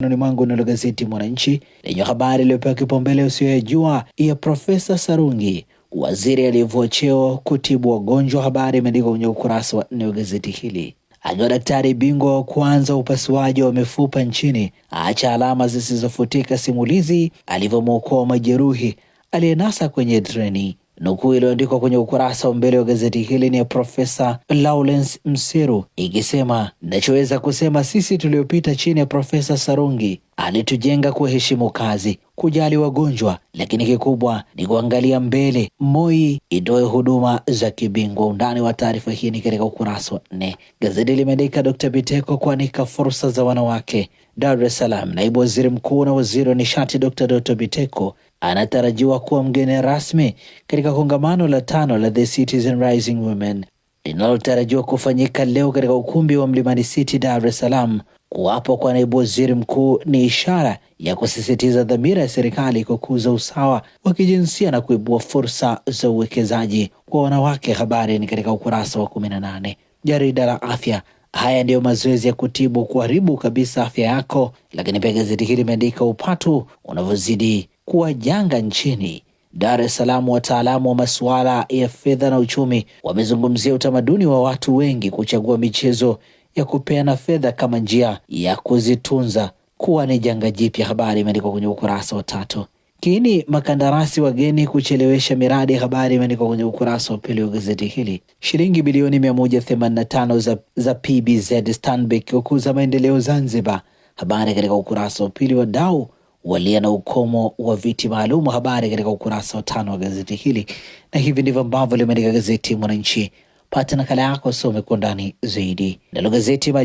Mikononi mwangu nalo gazeti Mwananchi lenye habari iliyopewa kipaumbele usiyoyajua ya Profesa Sarungi, waziri aliyevua cheo kutibu wagonjwa. Habari imeandikwa kwenye ukurasa wa nne wa gazeti hili. Akiwa daktari bingwa wa kwanza upasuaji wa mifupa nchini, acha alama zisizofutika, simulizi alivyomwokoa majeruhi aliyenasa kwenye treni. Nukuu iliyoandikwa kwenye ukurasa wa mbele wa gazeti hili ni ya Profesa Lawrence Msiru ikisema, nachoweza kusema sisi tuliopita chini ya Profesa Sarungi alitujenga kuheshimu kazi, kujali wagonjwa, lakini kikubwa ni kuangalia mbele. MOI itoe huduma za kibingwa. Undani wa taarifa hii ni katika ukurasa wa nne. Gazeti limeandika Dr. Biteko kuanika fursa za wanawake Dar es Salaam. Naibu waziri mkuu na waziri wa nishati Dr. Doto Biteko anatarajiwa kuwa mgeni rasmi katika kongamano la tano la The Citizen Rising Women linalotarajiwa kufanyika leo katika ukumbi wa Mlimani City, Dar es Salaam. Kuwapo kwa naibu waziri mkuu ni ishara ya kusisitiza dhamira ya serikali kukuza usawa wa kijinsia na kuibua fursa za uwekezaji kwa wanawake. Habari ni katika ukurasa wa kumi na nane jarida la afya. Haya ndiyo mazoezi ya kutibu kuharibu kabisa afya yako, lakini pia gazeti hili limeandika upatu unavyozidi kuwa janga nchini. Dar es Salaam, wataalamu wa masuala ya fedha na uchumi wamezungumzia utamaduni wa watu wengi kuchagua michezo ya kupeana fedha kama njia ya kuzitunza kuwa ni janga jipya. Habari imeandikwa kwenye ukurasa wa tatu. Kiini makandarasi wageni kuchelewesha miradi habari imeandikwa kwenye ukurasa wa pili wa gazeti hili. Shilingi bilioni 185 za, za PBZ Stanbic kukuza maendeleo Zanzibar, habari katika ukurasa wa pili. Wadau walia na ukomo wa viti maalum. Habari katika ukurasa wa tano wa gazeti hili, na hivi ndivyo ambavyo limeandika gazeti Mwananchi. Pata nakala yako, some kwa ndani zaidi. Nalo gazeti